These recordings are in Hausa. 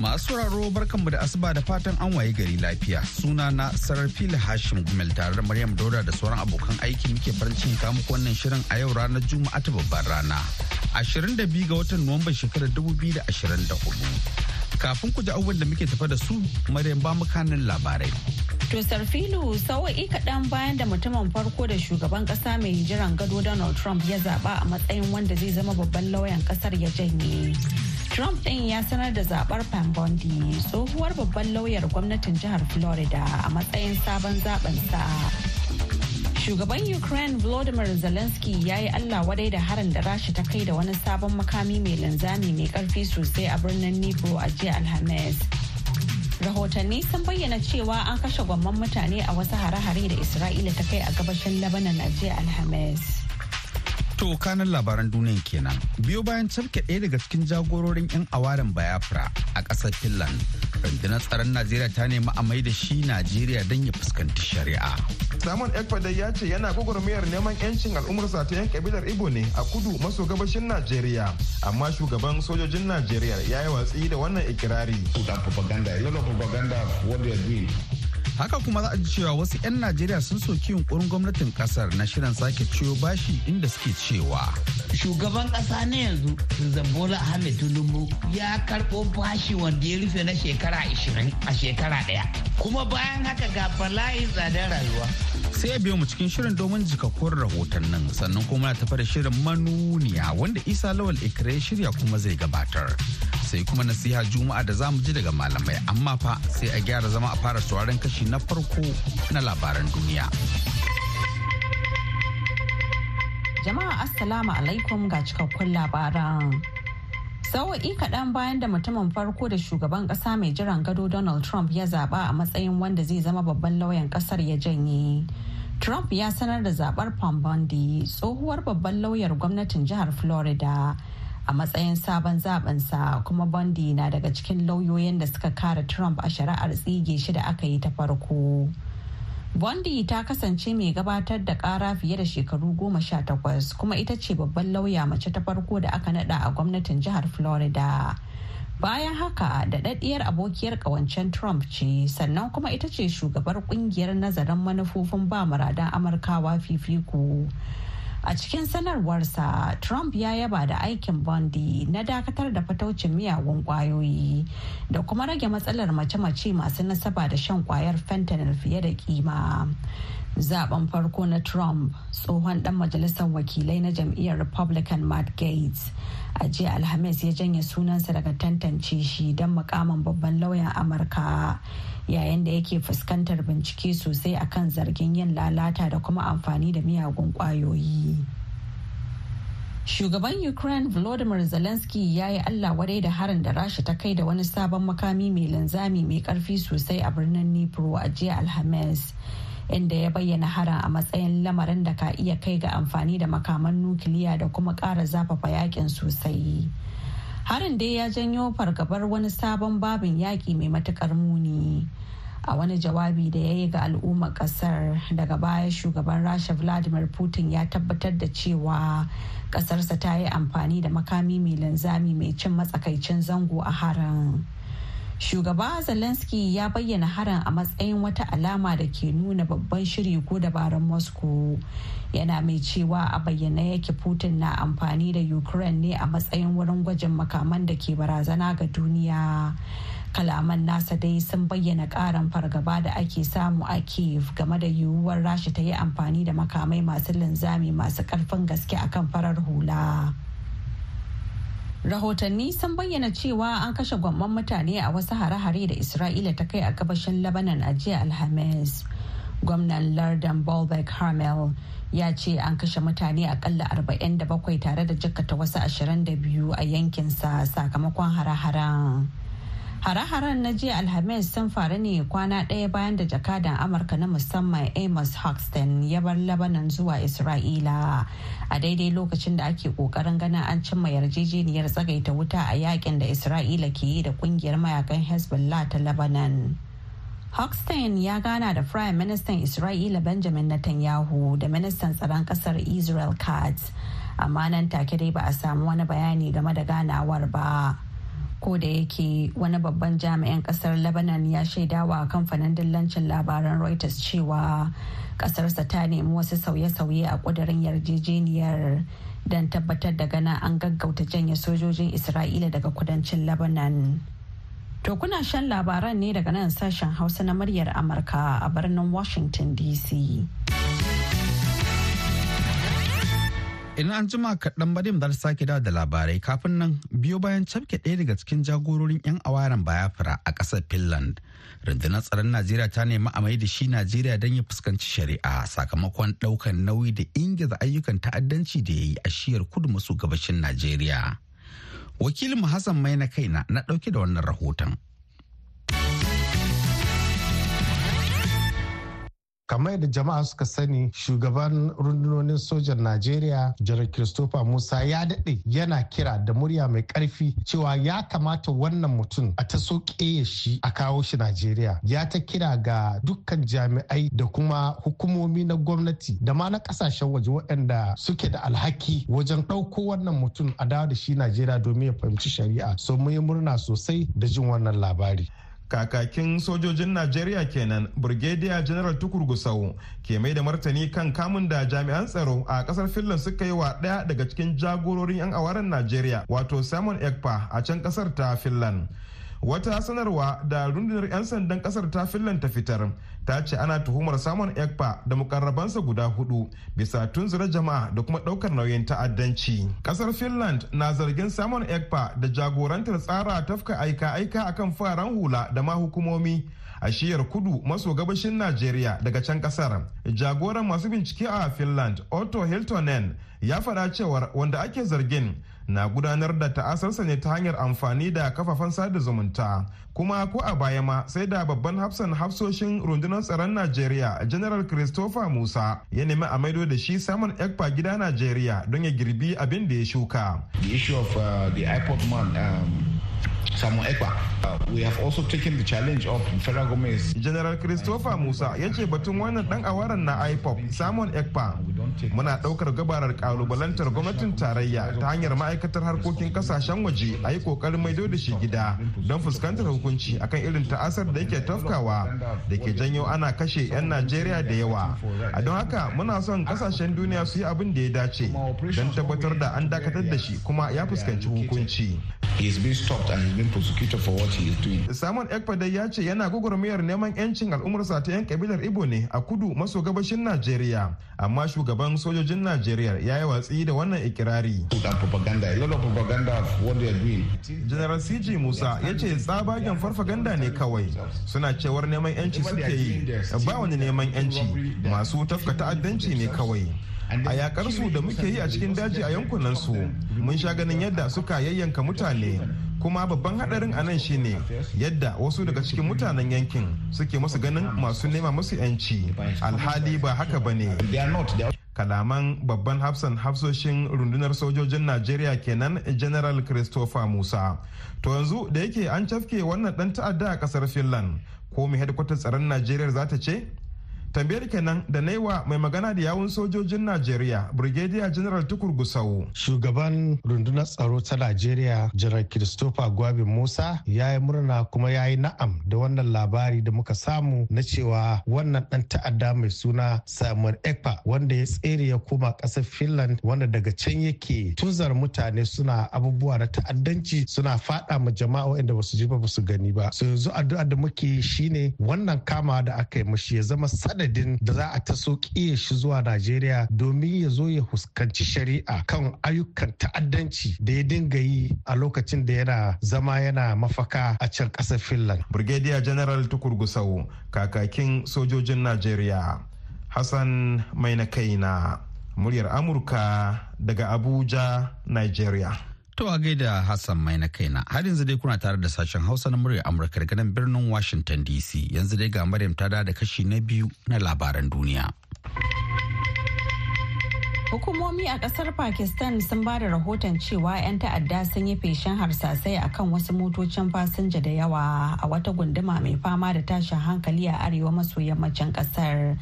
Masu sauraro barkanmu da asuba da fatan an waye gari lafiya. Suna na Sarfil Hashim Gumel tare da Maryam Dauda da sauran abokan aiki muke farin cikin kamu wannan shirin a yau ranar Juma'a ta babbar rana. 22 ga watan Nuwamban shekarar 2024. Kafin ku ji abubuwan da muke tafa da su, Maryam ba mu kanin labarai. To Sarfilu sawa'i kaɗan bayan da mutumin farko da shugaban ƙasa mai jiran gado Donald Trump ya zaɓa a matsayin wanda zai zama babban lauyan ƙasar ya janye. Trump ɗin ya sanar da zaɓar Pam Bondi tsohuwar babban lauyar gwamnatin jihar Florida a matsayin sabon zaɓensa. Shugaban Ukraine Volodymyr Zelensky ya yi Allah wadai da harin da Rasha ta kai da wani sabon makami mai linzami mai ƙarfi sosai a birnin Nibro a jiya Alhamis. Rahotanni sun bayyana cewa an kashe gwamman mutane a wasu hare-hare da Isra'ila ta kai a gabashin Lebanon a jiya Alhamis. To kanan labaran duniya kenan. Biyo bayan cafke ɗaya daga cikin jagororin 'yan awarin bayafra a ƙasar Finland, rundunar tsaron Najeriya ta nemi a mai da shi Najeriya don ya fuskanci shari'a. Samun Ekpade ya ce yana gwagwarmayar neman 'yancin sa ta 'yan kabilar ibo ne a kudu maso gabashin Najeriya, amma shugaban sojojin Najeriya ya yi watsi da wannan ikirari. propaganda, haka kuma za a ji cewa wasu 'yan najeriya sun soki yunkurin gwamnatin kasar na shirin sake ciyo bashi inda suke cewa shugaban ƙasa na yanzu zambola ahmed tinubu ya karɓo bashi wanda ya rufe na shekara 20 a shekara ɗaya, kuma bayan haka ga bala'in tsadar rayuwa sai biyo mu cikin shirin domin jikakkun nan sannan kuma na tafi da shirin manuniya wanda isa lawal ikire shirya kuma zai gabatar sai kuma nasiha juma'a da zamu ji daga malamai amma fa sai a gyara zama a fara sauraron kashi na farko na labaran duniya. Jama'a Assalamu alaikum ga cikakkun labaran. sau'i kaɗan bayan da mutumin farko da shugaban ƙasa mai jiran gado Donald Trump ya zaɓa a matsayin wanda zai zama babban lauyan ƙasar ya janye. Trump ya sanar da zaɓar Pam Bondi, tsohuwar babban lauyar gwamnatin jihar Florida. a matsayin sabon zabensa kuma bondi na daga cikin lauyoyin da suka kare trump a shari'ar tsige shi da aka yi ta farko bondi ta kasance mai gabatar da kara fiye da shekaru goma sha takwas kuma ita ce babban lauya mace ta farko da aka nada a gwamnatin jihar florida bayan haka daɗaɗɗiyar abokiyar ƙawancen trump ce sannan kuma ita ce shugabar ƙungiyar nazarin manufofin ba muradan amurkawa fifiko A cikin sanarwarsa, Trump ya yaba da aikin Bondi na dakatar da fataucin miyagun kwayoyi da kuma rage matsalar mace-mace masu nasaba da shan kwayar fentanyl fiye da kima. Zaben farko na Trump, tsohon dan majalisar wakilai na jam'iyyar Republican Matt Gates, a jiya Alhamis ya janye sunansa daga tantance shi don mukamin babban lauyan Amurka. yayin da yake fuskantar bincike sosai akan zargin yin lalata da kuma amfani da miyagun kwayoyi. Shugaban Ukraine Volodymyr Zelensky ya yi Allah wadai da harin da Rasha ta kai da wani sabon makami mai linzami mai karfi sosai a birnin Nipro a jiya Alhamis, inda ya bayyana harin a matsayin lamarin da ka iya kai ga amfani da makaman nukiliya da kuma ƙara zafafa yakin sosai. Harin dai ya janyo fargabar wani sabon babin yaƙi mai matuƙar muni. a wani jawabi da ya yi ga al'ummar kasar daga baya shugaban rasha vladimir putin ya tabbatar da cewa kasarsa ta yi amfani da makami mai linzami mai cin matsakaicin zango a harin shugaba zelensky ya bayyana harin a matsayin wata alama da ke nuna babban shiri ko dabarun moscow yana mai cewa a bayyana yake putin na amfani da ukraine ne a matsayin wurin gwajin makaman da ke barazana ga duniya kalaman nasa dai sun bayyana karan fargaba da ake samu a kiev game da yiwuwar rasha ta yi amfani da makamai masu linzami masu karfin gaske akan farar hula rahotanni sun bayyana cewa an kashe gwamman mutane a wasu hare-hare da isra'ila ta kai a gabashin labanan a jiya alhamis gwamnan lardan baalbek harmel ya ce an kashe mutane akalla 47 tare da jikkata wasu 22 a yankinsa sakamakon hare-haren Hare-haren na jiya Alhamis sun faru ne kwana ɗaya bayan da jakadan Amurka na musamman Amos Hoxton ya bar labanan zuwa Isra'ila a daidai lokacin da ake ƙoƙarin ganin an cimma yarjejeniyar tsagaita wuta a yakin da Isra'ila ke yi da kungiyar mayakan Hezbollah ta Lebanon. Hoxton ya gana da Prime minister Isra'ila Benjamin Netanyahu da Ministan Tsaron Ƙasar Israel Katz, amma nan take dai ba a samu wani bayani game da ganawar ba. ko da yake wani babban jami'in kasar lebanon ya shaidawa kamfanin dillancin labaran reuters cewa kasarsa ta nemi wasu sauye-sauye a kudurin yarjejeniyar don tabbatar da gana an gaggauta janye sojojin isra'ila daga kudancin lebanon to kuna shan labaran ne daga nan sashen hausa na muryar amurka a birnin washington dc Idan an jima kaɗan Maryam zata sake dawo da labarai kafin nan biyo bayan cafke ɗaya daga cikin jagororin 'yan awaren fara a ƙasar Finland. Rundunar tsaron Najeriya ta nemi a mai da shi Najeriya don ya fuskanci shari'a sakamakon ɗaukan nauyi da ingiza ayyukan ta'addanci da ya yi a shiyar kudu maso gabashin Najeriya. Wakilin Hassan Mai na kaina na ɗauke da wannan rahoton. kamar yadda jama'a suka sani shugaban rundunonin sojan najeriya janar christopher musa ya daɗe yana kira da murya mai karfi cewa ya kamata wannan mutum a ta ya shi a kawo shi najeriya ya ta kira ga dukkan jami'ai da kuma hukumomi na gwamnati da ma na ƙasashen waje waɗanda suke da alhaki wajen ɗauko wannan mutum a dawo da shi najeriya domin ya fahimci shari'a so mu yi murna sosai da jin wannan labari kakakin sojojin najeriya kenan brigadier general tukur gusau ke mai da martani kan kamun da jami'an tsaro a kasar finland suka yi wa daya daga cikin jagororin 'yan awaren najeriya wato simon ekpa a can kasar ta finland wata sanarwa da rundunar 'yan sandan kasar ta finland ta fitar ta ce ana tuhumar samun ekpa da mukarrabansa guda hudu bisa tunzura jama'a da kuma daukar nauyin ta'addanci kasar finland na zargin samun ekpa da jagorantar tsara tafka aika-aika akan faran hula da ma hukumomi a shiyar kudu maso gabashin najeriya daga can kasar jagoran masu bincike a finland otto hiltonen ya faɗa cewar wanda ake zargin na gudanar da ta'asarsa ne ta hanyar amfani da kafafen sada zumunta kuma ko a baya ma sai da babban hafsan hafsoshin rundunar tsaron najeriya general christopher musa ya nemi a maido da shi samun ekpa gida najeriya don ya girbi abin da ya shuka samu ekwa uh, we have also taken the challenge of federal gomez general christopher musa ya ce batun wannan dan awaran na ipop samun ekpa muna daukar gabarar kalubalantar gwamnatin tarayya ta hanyar ma'aikatar harkokin kasashen waje a yi kokarin maido da shi gida don fuskantar hukunci akan irin ta'asar da yake tafkawa da ke janyo ana kashe 'yan najeriya da yawa a don haka muna son kasashen duniya su yi abin da ya dace don tabbatar da an dakatar da shi kuma ya fuskanci hukunci. He been stopped and has been for what he is doing. Simon ya ce yana gugurmiyar neman 'yancin al'ummarsa ta 'yan kabilar Ibo ne a kudu maso gabashin Najeriya, amma shugaban sojojin Najeriya ya yi watsi da wannan ikirari. General CG Musa ya ce tsabagen farfaganda ne kawai suna cewar neman 'yanci suke yi ba wani neman 'yanci masu tafka ta'addanci ne kawai. a yakar su da muke yi a cikin daji a yankunan su mun sha ganin yadda suka yayyanka mutane kuma babban hadarin anan shine yadda wasu daga cikin mutanen yankin suke masu ganin masu nema musu yanci alhali ba haka ba ne kalaman babban hafsan hafsoshin rundunar sojojin najeriya kenan general christopher musa to yanzu da yake an cafke wannan dan ta'adda a kasar finland ko mai hedkwatar tsaron najeriya za ta ce tambayar kenan da naiwa mai magana da yawun sojojin najeriya brigadier general tukur gusau shugaban rundunar tsaro ta najeriya general christopher gwabin musa ya yi murna kuma ya yi na'am da wannan labari da muka samu na cewa wannan dan ta'adda mai suna samuel ekpa wanda ya tsere ya koma ƙasar finland wanda daga can yake tuzar mutane suna abubuwa na ta'addanci suna fada ma jama'a inda ba su ji ba su gani ba so yanzu addu'a da muke shine wannan kama da aka yi mashi ya zama sada. sanadin da za a taso kiye shi zuwa Najeriya domin ya zo ya huskanci shari'a kan ayyukan ta'addanci da ya dinga yi a lokacin da yana zama yana mafaka a can ƙasar Finland. Brigadier General Tukur Gusau, kakakin sojojin Najeriya, Hassan Mai na muryar Amurka daga Abuja, Nigeria. To a gaida Hassan mai na kaina har yanzu dai kuna tare da sashen Hausa na murya Amurka daga nan birnin Washington DC yanzu dai ga Maryam ta da kashi na biyu na labaran duniya. Hukumomi a kasar Pakistan sun ba da rahoton cewa 'yan ta'adda sun yi feshen harsasai kan wasu motocin fasinja da yawa a wata gunduma mai fama da tashin hankali a arewa maso yammacin kasar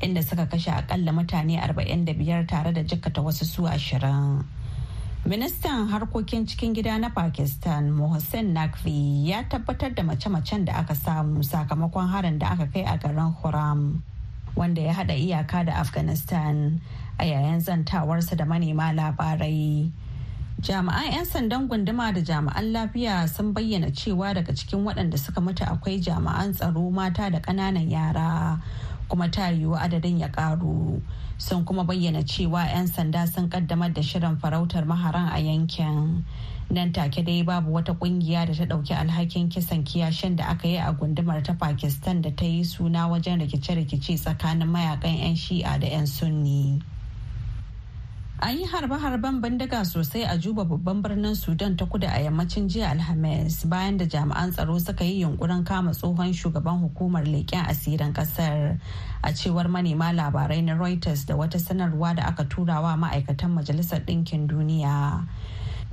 inda suka kashe akalla mutane 45 tare da jikkata wasu su ashirin. ministan harkokin cikin gida na pakistan mohsen nakvi ya tabbatar da mace-macen da aka samu sakamakon harin da aka kai a garin huram wanda ya hada iyaka da afghanistan a yayin zantawarsa da manema labarai jami'an 'yan sandan gunduma da jami'an lafiya sun bayyana cewa daga cikin waɗanda suka mutu akwai jami'an tsaro mata da ƙananan yara kuma ta yiwu adadin ya ƙaru sun kuma bayyana cewa 'yan sanda sun kaddamar da shirin farautar maharan a yankin nan take dai babu wata kungiya da ta dauki alhakin kisan kiyashin da aka yi a gundumar ta pakistan da ta yi suna wajen rikice-rikice tsakanin mayakan 'yan shi'a da 'yan sunni An yi harbe-harben bindiga sosai a Juba babban birnin Sudan ta kudu a yammacin jiya Alhamis bayan da jami'an tsaro suka yi yunkurin kama tsohon shugaban hukumar leƙen asirin ƙasar. A cewar manema labarai na Reuters da wata sanarwa da aka tura wa ma'aikatan Majalisar Ɗinkin Duniya.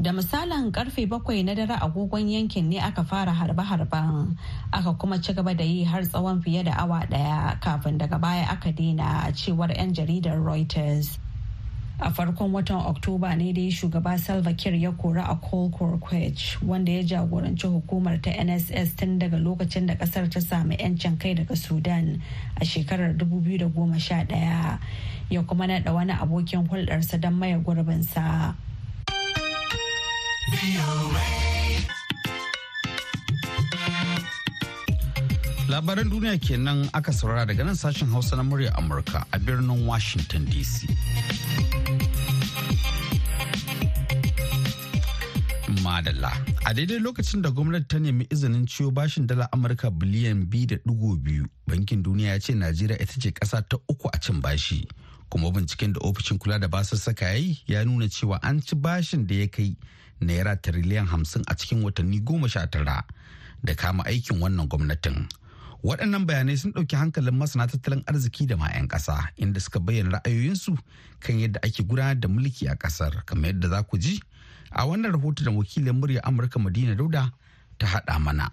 Da misalin karfe bakwai na dare agogon yankin ne aka fara harbe-harben aka kuma ci gaba da yi har tsawon fiye da awa daya kafin daga baya aka daina a cewar 'yan jaridar Reuters. a farkon watan oktoba ne dai shugaba salva kiir ya kori a colcorquech wanda ya jagoranci hukumar ta nss tun daga lokacin da kasar ta sami 'yancin kai daga sudan a shekarar 2011 ya kuma naɗa wani abokin hulɗarsa don maye gurbinsa labaran duniya kenan aka saurara daga nan sashen hausa na murya amurka a birnin washington dc Madalla. A daidai lokacin da gwamnati ta nemi izinin ciwo bashin dala Amurka biliyan biyu, Bankin Duniya ya ce Najeriya ita ce kasa ta uku a cin bashi. Kuma binciken da ofishin kula da basar ya yi ya nuna cewa an ci bashin da ya kai naira tiriliyan hamsin a cikin watanni goma sha tara da kama aikin wannan gwamnatin. Waɗannan bayanai sun ɗauki hankalin masana tattalin arziki da ma 'yan ƙasa inda suka bayyana ra'ayoyinsu kan yadda ake gudanar da mulki a ƙasar kamar yadda za ku ji a wannan rahoton da wakilin murya amurka madina dauda ta haɗa mana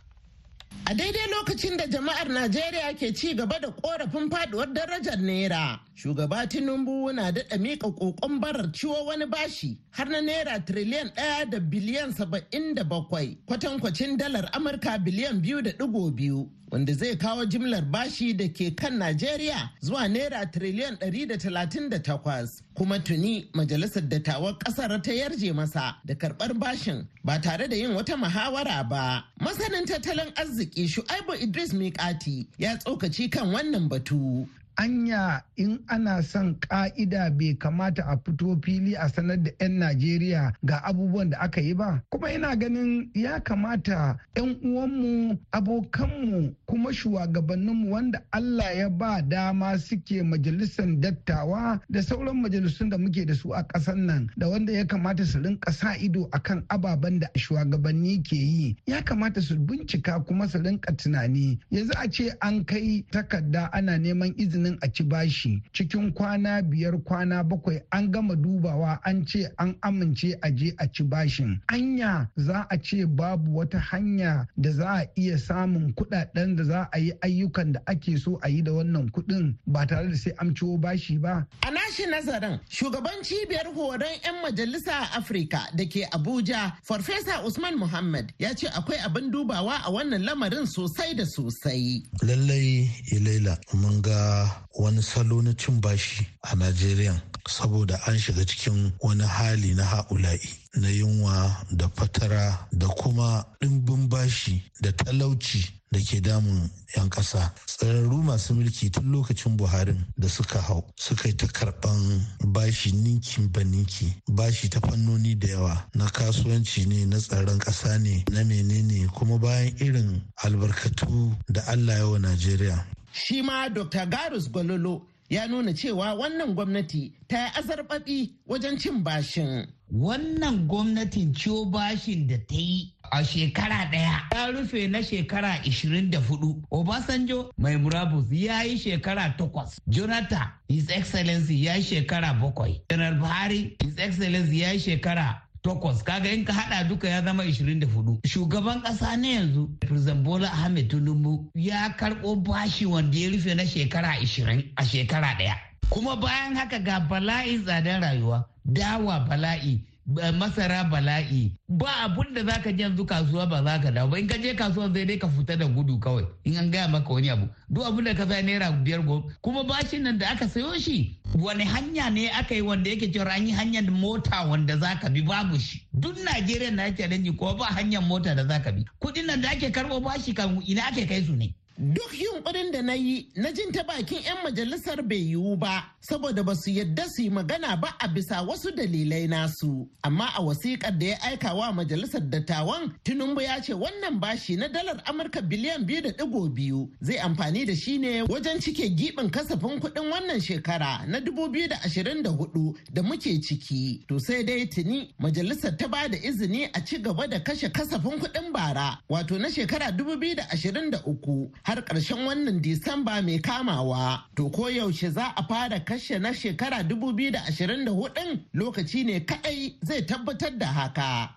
a daidai lokacin da jama'ar najeriya ke ci gaba da korafin faduwar darajar naira shugaba tinubu na daɗa miƙa ƙoƙon barar ciwo wani bashi har na naira triliyan ɗaya da biliyan saba'in da bakwai kwatankwacin dalar amurka biliyan biyu da ɗigo biyu wanda zai kawo jimlar bashi da ke kan Najeriya zuwa Naira tiriliyan 138 kuma tuni Majalisar Dattawan Ƙasar ta yarje masa da karɓar bashin ba tare da yin wata muhawara ba. Masanin tattalin arziki Shu'aibu Idris Mikati ya tsokaci kan wannan batu. anya in ana son ka'ida bai kamata a fito fili a sanar da 'yan najeriya ga abubuwan da aka yi ba kuma ina ganin ya kamata 'yan uwanmu abokanmu kuma shugabanninmu wanda allah ya ba dama suke majalisar dattawa da sauran majalisun da muke da su a ƙasar nan da wanda ya kamata su rinka sa ido akan ababen da shugabanni ke yi ya kamata su bincika kuma su rinka tunani yanzu a ce an kai takarda ana neman izinin ganin a ci bashi cikin kwana biyar kwana bakwai an gama dubawa an ce an amince a je a ci bashin anya za a ce babu wata hanya da za a iya samun kudaden da za a yi ayyukan da ake so a yi da wannan kudin ba tare da sai an ciwo bashi ba a nashi nazarin shugaban cibiyar horon 'yan majalisa a afirka da ke abuja farfesa usman muhammad ya ce akwai abin dubawa a wannan lamarin sosai da sosai lallai ilaila eh, mun ga wani salo na cin bashi a Najeriya saboda an shiga cikin wani hali na ha'ula'i na yunwa da fatara da kuma ɗimbin bashi da talauci da ke damun 'yan ƙasa. Tsararru masu mulki tun lokacin Buharin da suka hau suka yi ta karban bashi ninkin ba ninki bashi ta fannoni da yawa na kasuwanci ne na tsaron ƙasa ne na menene kuma bayan irin albarkatu da Allah yawa Najeriya. shi ma dr garus gololo ya nuna cewa wannan gwamnati ta yi azarbaɓi wajen cin bashin wannan gwamnatin ciwo bashin da ta yi a shekara ɗaya ta rufe na shekara 24 obasanjo mai murabus ya yi shekara 8 jonathan his excellency ya yi shekara 7 janar buhari his excellency ya yi shekara takwas kaga in ka hada duka ya zama 24 shugaban kasa ne yanzu president bola ahmed tinubu ya karbo bashi wanda ya rufe na shekara 20 a shekara daya kuma bayan haka ga bala'i tsadar rayuwa dawa bala'i eh, masara bala'i ba abun da zaka je yanzu kasuwa ba za ka dawo ba in ka je kasuwa zai dai ka fita da gudu kawai in an gaya maka wani abu duk abun da ka sa naira biyar gobe kuma bashin nan da aka sayo shi wani hanya ne aka yi wanda yake cewa an yi hanyar mota wanda za ka bi babu shi duk najeriya na yake ranji ko ba hanyar mota da za ka bi kudin nan da ake karɓo bashi kan ina ake kai su ne Duk yunkurin da na yi na jin ta bakin 'yan majalisar bai yiwu ba, saboda ba su yadda su yi magana ba a bisa wasu dalilai nasu. Amma a wasiƙar da ya aika wa majalisar dattawan, Tunumbu ya ce wannan bashi na dalar Amurka biliyan biyu da ɗigo biyu zai amfani da shi ne wajen cike giɓin kasafin kuɗin wannan shekara na dubu biyu da ashirin da hudu da muke ciki. To sai dai tuni majalisar ta ba da izini a ci gaba da kashe kasafin kuɗin bara wato na shekara dubu biyu da ashirin da uku har ƙarshen wannan Disamba mai kamawa. To koyaushe za a fara kashe na shekara 2024 lokaci ne kaɗai zai tabbatar da haka.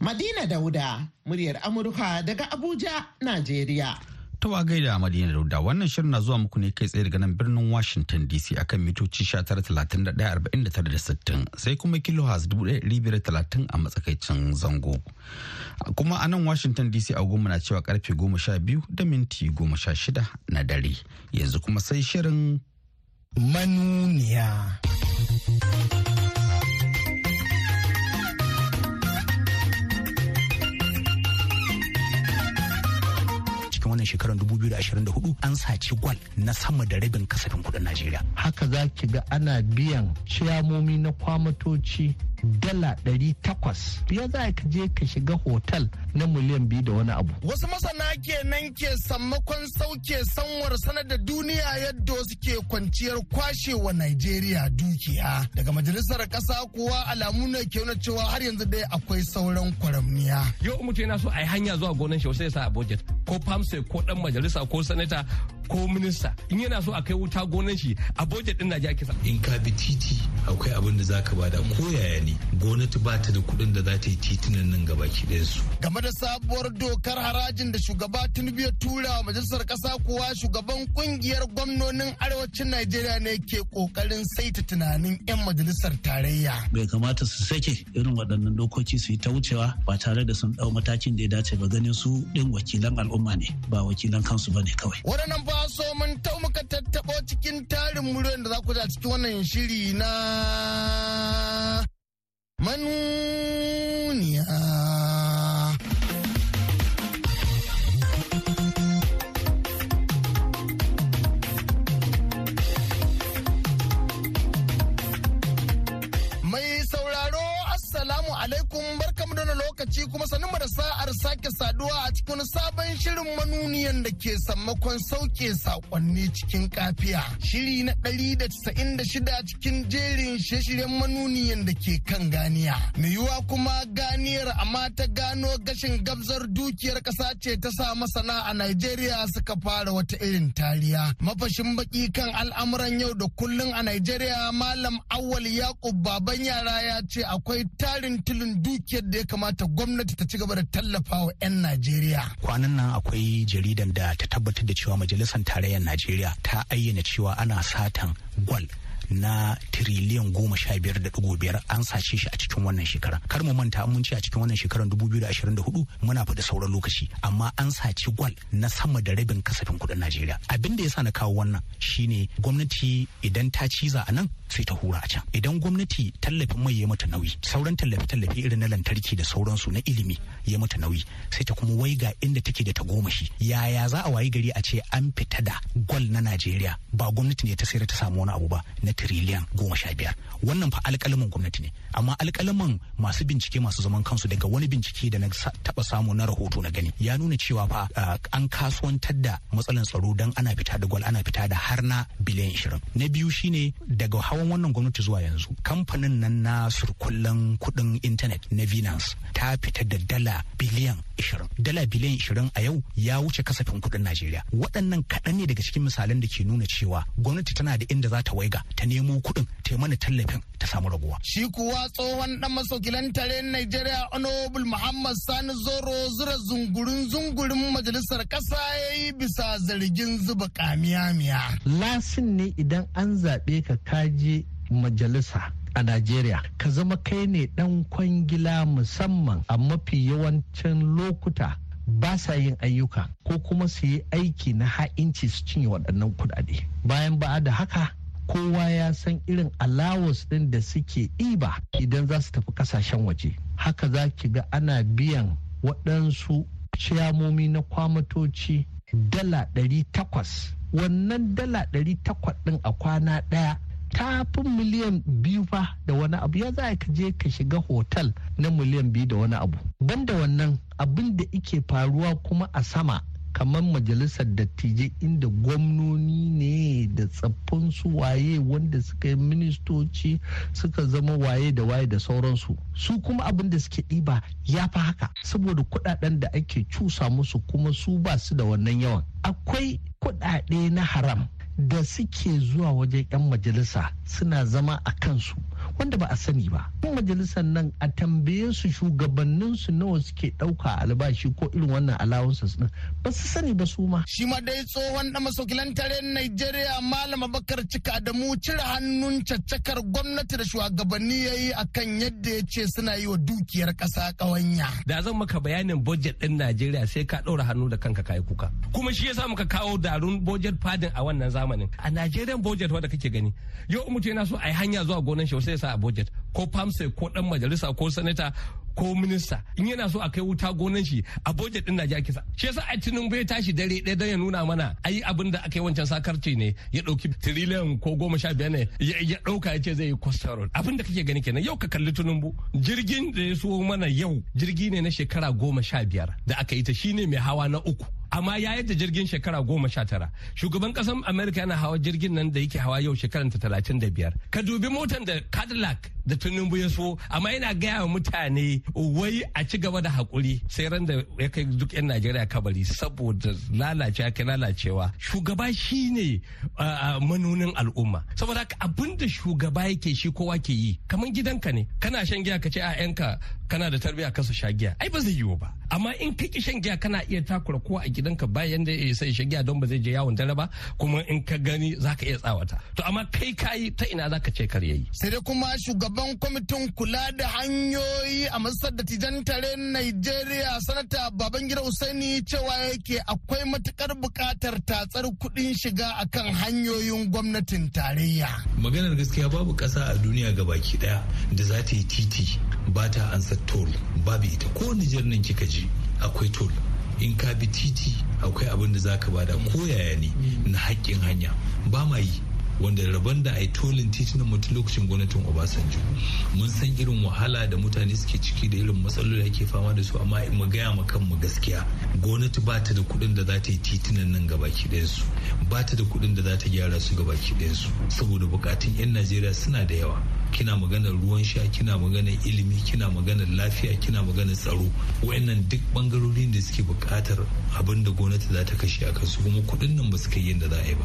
Madina Dauda, muryar Amurka daga Abuja, Najeriya. To a gaida Madina Dauda wannan shirin na zuwa muku ne kai tsaye daga nan birnin Washington DC akan mitoci 19,39,49,60 sai kuma kilohaz 1,530 a matsakaicin zango. Kuma a nan Washington DC a goma na cewa karfe 12 da minti 16 na dare. Yanzu kuma sai shirin manuniya. shekarar 2024 an saci gwal na sama da rabin kasafin kudin Najeriya. Haka za ki ga ana biyan ciyamomi na kwamatoci dala ɗari takwas ya za ka je ka shiga hotel na miliyan biyu da wani abu. Wasu masana nan ke sammakon sauke sanwar sanar da duniya yadda suke kwanciyar kwashewa Najeriya dukiya. Daga majalisar ƙasa kuwa alamu ne ke nuna cewa har yanzu dai akwai sauran kwaramniya. Yau mutum yana so a yi hanya zuwa gonan shi sai ya sa a budget ko famsa ko dan majalisa ko sanata ko minista in yana so a kai wuta gonan shi a budget din Najeriya kisa. In ka bi titi akwai abin da za ka bada ko yaya ne gwamnati ba ta da kuɗin da za ta yi titunan nan gabaki su game da sabuwar dokar harajin da shugaba tinubu ya tura wa majalisar ƙasa kuwa shugaban ƙungiyar gwamnonin arewacin najeriya ne ke ƙoƙarin saita tunanin 'yan majalisar tarayya. bai kamata su sake irin waɗannan dokoki su yi ta wucewa ba tare da sun ɗau matakin da ya dace ba ganin su ɗin wakilan al'umma ne ba wakilan kansu ba ne kawai. waɗannan ba so mun tau muka tattaɓo cikin tarin muryoyin da za ku da cikin wannan shiri na Manu lokaci kuma sanin da sa'ar sake saduwa a cikin sabon shirin manuniyan da ke sammakon sauke sakonni cikin kafiya. Shiri na ɗari da da shida cikin jerin shirye-shiryen manuniyan da ke kan ganiya. Mai yiwuwa kuma ganiyar amma ta gano gashin gabzar dukiyar ƙasa ce ta sa masana a Najeriya suka fara wata irin tariya. Mafashin baki kan al'amuran yau da kullun a Najeriya Malam Awal Yakub baban yara ya ce akwai tarin tilin dukiyar da ya kamata gwamnati ta ci gaba da tallafa wa 'yan Najeriya. Kwanan nan akwai jaridan da ta tabbatar da cewa majalisar tarayyar Najeriya ta ayyana cewa ana satan gwal. na tiriliyan goma sha biyar da dubu biyar an sace shi a cikin wannan shekara kar mu manta mun ce a cikin wannan shekarar dubu biyu da ashirin da hudu muna fada sauran lokaci amma an sace gwal na sama da rabin kasafin kuɗin najeriya abin da ya sa na kawo wannan shine gwamnati idan ta ciza a nan sai ta hura a can idan gwamnati tallafin mai ya mata nauyi sauran tallafi tallafe irin na lantarki da sauransu na ilimi ya mata nauyi sai ta kuma ga inda take da tagomashi yaya za a wayi gari a ce an fita da gwal na najeriya ba gwamnati ne ta sayar ta samu wani abu ba na tiriliyan goma sha biyar wannan fa alkalamin gwamnati ne amma alƙalamin masu bincike masu zaman kansu daga wani bincike da na taɓa samu na rahoto na gani ya nuna cewa fa eh, an kasuwantar da matsalan tsaro don ana fita da gwal ana fita da har na biliyan ishirin na biyu shine daga tsawon wannan gwamnati zuwa yanzu kamfanin nan na surkullen kuɗin intanet na Binance ta fita da dala biliyan 20. Dala biliyan 20 a yau ya wuce kasafin kuɗin Najeriya. Waɗannan kaɗan ne daga cikin misalan da ke nuna cewa gwamnati tana da inda za ta waiga ta nemo kuɗin ta mana tallafin ta samu raguwa. Shi kuwa tsohon ɗan masokilan tare Najeriya Honorable Muhammad Sani Zoro zura zungurin zungurin majalisar kasa ya yi bisa zargin zuba kamiya miya. Lasin ne idan an zaɓe ka kaji je majalisa a Najeriya ka zama kai ne dan kwangila musamman a mafi yawancin lokuta ba sa yin ayyuka ko kuma su yi aiki na ha'inci su cinye waɗannan kuɗaɗe bayan ba da haka kowa ya san irin allowance ɗin da suke ɗiba idan za su tafi ƙasashen waje haka za ki ga ana biyan waɗansu ciyamomi na kwamatoci dala ɗari takwas wannan dala ɗari takwas ɗin a kwana ɗaya tafin miliyan biyu fa da wani abu ya za ka je ka shiga hotel na miliyan biyu da wani abu banda wannan abin da ike faruwa kuma a sama kamar majalisar dattijai inda gwamnoni ne da tsaffin su waye wanda suka yi ministoci suka zama waye da waye da sauransu su kuma abin da suke ɗiba ya fi haka saboda kuɗaɗen da ake cusa musu kuma su ba su da wannan yawan akwai kuɗaɗe na haram da suke zuwa wajen 'yan majalisa suna zama a kansu wanda ba a sani ba kuma majalisar nan a tambaye su shugabannin su nawa suke ɗauka albashi ko irin wannan su din ba su sani ba su ma shi ma dai tsohon da masaukilan tare Najeriya Malam Abakar Cika da mu cire hannun caccakar gwamnati da shugabanni ya yi a kan yadda ya ce suna yi wa dukiyar ƙasa ƙawanya da zan maka bayanin budget ɗin Najeriya sai ka ɗora hannu da kanka kayi kuka kuma shi yasa muka kawo darun budget fadin a wannan zamanin a Najeriya budget wanda kake gani yau mutum yana so a yi hanya zuwa gonan shi sai ya sa a ko famse ko dan majalisa ko sanata ko minista in yana so a kai wuta gonan shi a bojet din Najeriya ake sa shi yasa a ya bai tashi dare ɗaya don ya nuna mana ayi abin da aka yi wancan sakarci ne ya ɗauki tiriliyan ko goma sha biyar ne ya ɗauka ya ce zai yi costa abin da kake gani kenan yau ka kalli tunumbu jirgin da ya so mana yau jirgi ne na shekara goma sha biyar da aka yi ta shine mai hawa na uku amma ya yadda jirgin shekara goma sha tara shugaban kasan amerika yana hawa jirgin nan da yake hawa yau shekaran ta talatin da biyar ka dubi motan da cadillac da tinubu ya so amma yana gaya wa mutane wai a ci gaba da hakuri sai ran da ya kai duk 'yan najeriya kabari saboda lalace kai lalacewa shugaba shine manunin al'umma saboda abin da shugaba yake shi kowa ke yi kamar gidanka ne kana shan giya ka ce a 'yanka kana da tarbiyya ka su sha giya ai ba zai yiwu ba amma in ka ki shan giya kana iya takura kowa a gidanka bayan da ya sai sha giya don ba zai je yawon dare ba kuma in ka gani zaka iya tsawata to amma kai kayi ta ina zaka ce kar yayi sai dai kuma shugaban kwamitin kula da hanyoyi a majalisar dattijan tare nigeria sanata Babangida Usaini cewa yake akwai matukar bukatar tatsar kudin shiga akan hanyoyin gwamnatin tarayya. Maganar gaskiya babu kasa a duniya ga baki daya da za ta yi titi ba ta ansa tol babu ita ko Nijar nan kika ji akwai tol. in ka bi titi akwai abin da za ka bada ko yaya ne na haƙƙin hanya ba ma yi wanda rabon da a yi tolin titunan mutu lokacin gwamnatin obasanjo mun san irin wahala da mutane suke ciki da irin matsaloli ake fama da su amma mu gaya ma kanmu gaskiya gwamnati ba ta da kuɗin da za ta yi titunan nan gabaki su ba ta da kuɗin da za ta gyara su gabaki ɗayansu saboda bukatun 'yan najeriya suna da yawa kina maganar ruwan sha kina maganar ilimi kina maganar lafiya kina maganar tsaro wayannan duk bangarorin da suke bukatar abin da gwamnati za ta kashe a kansu kuma kuɗin nan ba su kai yadda za a yi ba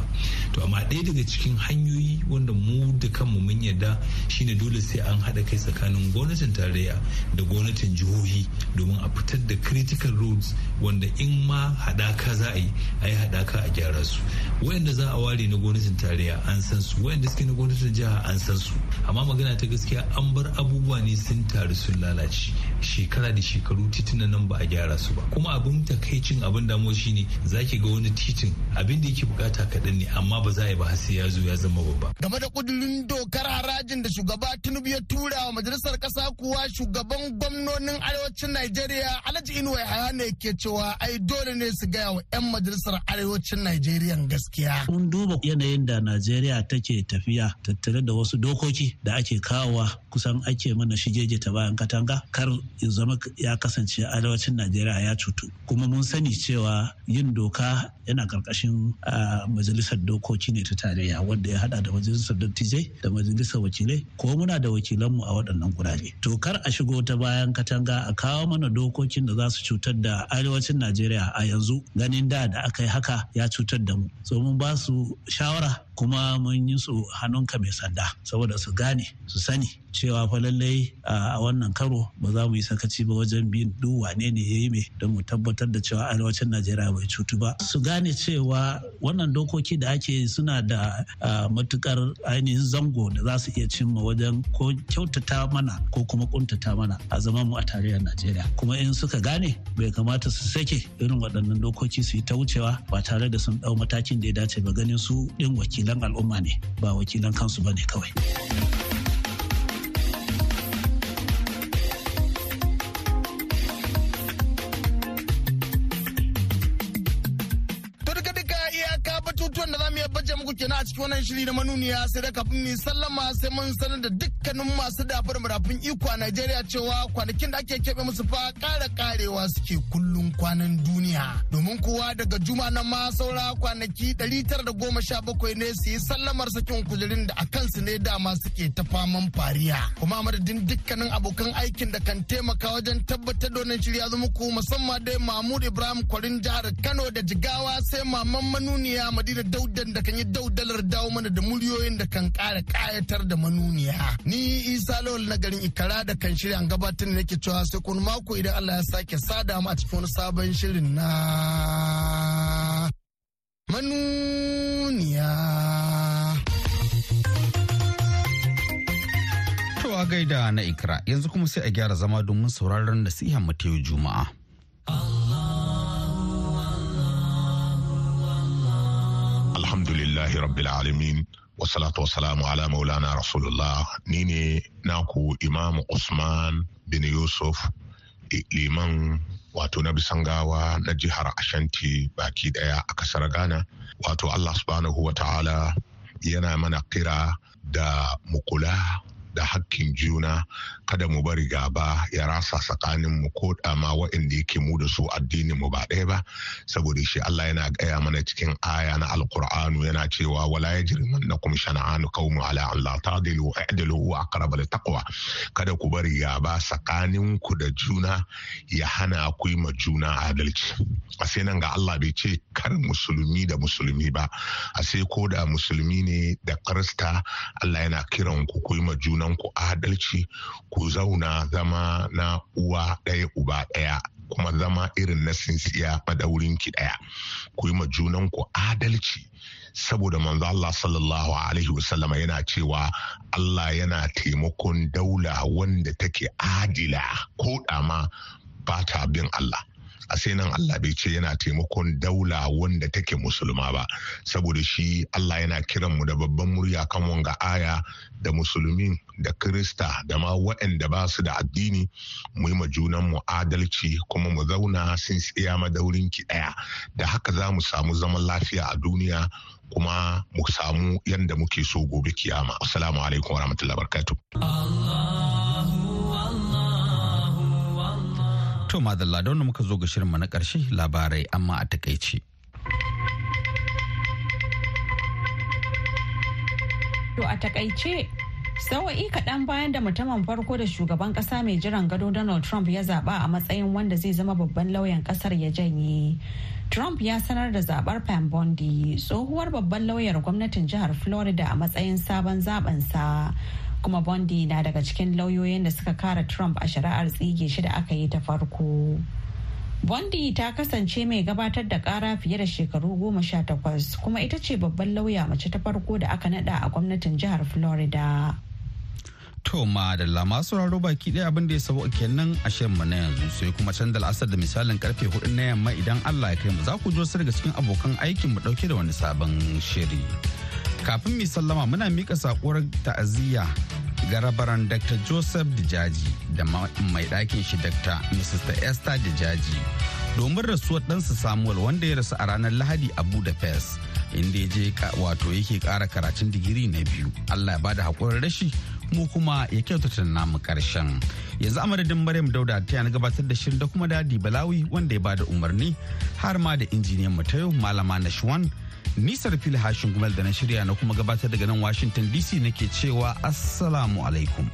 to amma ɗaya daga cikin hanyoyi wanda mu da kanmu mun yarda shine dole sai an haɗa kai tsakanin gwamnatin tarayya da gwamnatin jihohi domin a fitar da critical roads wanda in ma haɗaka za a yi a yi haɗaka a gyara su wayanda za a ware na gwamnatin tarayya an san su wayanda suke na gwamnatin jiha an san su amma magana ta gaskiya an bar abubuwa ne sun taru sun lalace shekara da shekaru titunan nan ba a gyara su ba kuma abin takaicin abin damo shine zaki ga wani titin abin da yake bukata kaɗan ne amma ba za a yi ba sai ya zo ya zama babba game da kudurin dokar harajin da shugaba tinubu ya tura wa majalisar kasa kuwa shugaban gwamnonin arewacin najeriya alhaji inuwa ya ne ke cewa ai dole ne su gaya wa 'yan majalisar arewacin najeriya gaskiya mun duba yanayin da najeriya take tafiya tattare da wasu dokoki da ake kawowa kusan ake mana shigeje ta bayan katanga kar ya zama ya kasance arewacin najeriya ya cutu kuma mun sani cewa yin doka yana karkashin majalisar dokoki ne ta tarayya wanda ya hada da majalisar dattijai da majalisar wakilai ko muna da wakilanmu a waɗannan gurare to kar a shigo ta bayan katanga a kawo mana dokokin da za su cutar da arewacin najeriya a yanzu ganin da da aka yi haka ya cutar da mu so mun ba su shawara kuma mun yi su hannunka mai sanda saboda su gane su sani cewa fa lallai a wannan karo ba za mu yi sakaci ba wajen bin duk wane ne ya yi mai don mu tabbatar da cewa arewacin najeriya bai cutu ba su gane cewa wannan dokoki da ake suna da matukar ainihin zango da za su iya cimma wajen ko kyautata mana ko kuma kuntata mana a zaman mu a tarayyar najeriya kuma in suka gane bai kamata su sake irin waɗannan dokoki su yi ta wucewa ba tare da sun ɗau matakin da ya dace ba ganin su ɗin wakilan al'umma ne ba wakilan kansu ba ne kawai. cikin wannan shiri na manuniya sai da kafin mu sallama sai mun sanar da dukkanin masu dafar murafin iko a Najeriya cewa kwanakin da ake keɓe musu fa ƙara ƙarewa suke kullum kwanan duniya. Domin kuwa daga juma na ma saura kwanaki 917 ne su yi sallamar sakin kujerin da a kansu ne dama suke ta faman fariya. Kuma madadin dukkanin abokan aikin da kan taimaka wajen tabbatar da wannan shiri ya zama ku musamman dai Mahmud Ibrahim Kwarin jihar Kano da Jigawa sai maman manuniya Madina Daudan da kan yi daudalar dawo mana da muryoyin da kan kara kayatar da manuniya. Ni Isa Lawal na garin Ikara da kan shirya gabatar da nake cewa sai kun mako idan Allah ya sake sada mu a cikin wani sabon shirin na manuniya. gaida na Ikra yanzu kuma sai a gyara zama domin sauraron nasiha mu Juma'a. yau Juma'a. alhamdulillahi rabbil alamin wasalatu wasalamu ala maulana rasulullah nine naku imamu usman bin yusuf liman wato na bisangawa na jihar ashanti baki ɗaya a kasar ghana wato allah subhanahu wa ta'ala yana mana kira da mu kula. da hakkin juna kada mu bari gaba ya rasa tsakanin mu ko dama waɗanda yake mu da su addinin mu ba ɗaya ba saboda shi Allah yana gaya mana cikin aya na alkur'anu yana cewa wala yajrimannakum shana'anu mu ala an la tadilu i'dilu wa aqrabu taqwa kada ku bari gaba tsakanin ku da juna ya hana ku yi ma juna adalci a sai nan ga Allah bai ce kar musulmi da musulmi ba a sai ko da musulmi ne da krista Allah yana kiran ku ku yi ma juna junan ku adalci ku zauna zama na uwa ɗaya uba ɗaya kuma zama irin na sinsiya madaurin ki ɗaya ku yi ma junan ku adalci saboda manzo Allah sallallahu alaihi wasallama yana cewa Allah yana taimakon daula wanda take adila ko dama ba ta bin Allah a sai nan Allah bai ce yana taimakon daula wanda take musulma ba saboda shi Allah yana kiran mu da babban murya kan wanga aya da musulmi da kirista da ma waɗanda ba su da addini mu yi junan mu adalci kuma mu zauna sun tsaya madaurin ki ɗaya da haka za mu samu zaman lafiya a duniya kuma mu samu yanda muke so gobe kiyama assalamu alaikum warahmatullahi wabarakatuh To madalla da wanda muka zo ga shirinmu na ƙarshe labarai amma a takaice. To a takaice sawa'i kaɗan bayan da mutumin farko da shugaban ƙasa mai jiran gado Donald Trump ya zaɓa a matsayin wanda zai zama babban lauyan ƙasar ya janye. Trump ya sanar da zaɓar Pam Bondi tsohuwar babban lauyar gwamnatin jihar Florida a matsayin sabon zaɓensa. kuma bondi na daga cikin lauyoyin da suka kara trump a shari'ar tsige shi da aka yi ta farko bondi ta kasance mai gabatar da kara fiye da shekaru goma sha takwas kuma ita ce babban lauya mace ta farko da aka nada a gwamnatin jihar florida To madalla masu raro baki daya abin da ya sabo kenan a mu na yanzu sai kuma can da la'asar da misalin karfe hudu na yamma idan Allah ya kai mu za ku jo daga cikin abokan aikin mu ɗauke da wani sabon shiri. kafin mai sallama muna mika sakuwar ta'aziyya ga rabaran dr joseph dijaji da mai ɗakin shi dr mrs esther dijaji domin rasuwar ɗansa samuel wanda ya rasu a ranar lahadi a budapest inda ya je wato yake kara karatun digiri na biyu allah ya ba da haƙurin rashi mu kuma ya kyautata namu ƙarshen yanzu amadadin maryam dauda ta yana gabatar da shirin da kuma dadi balawi wanda ya ba da umarni har ma da injiniyan mu malama na malama Nisar fil hashin gumel da na shirya na kuma gabatar daga nan Washington DC nake cewa Assalamu alaikum.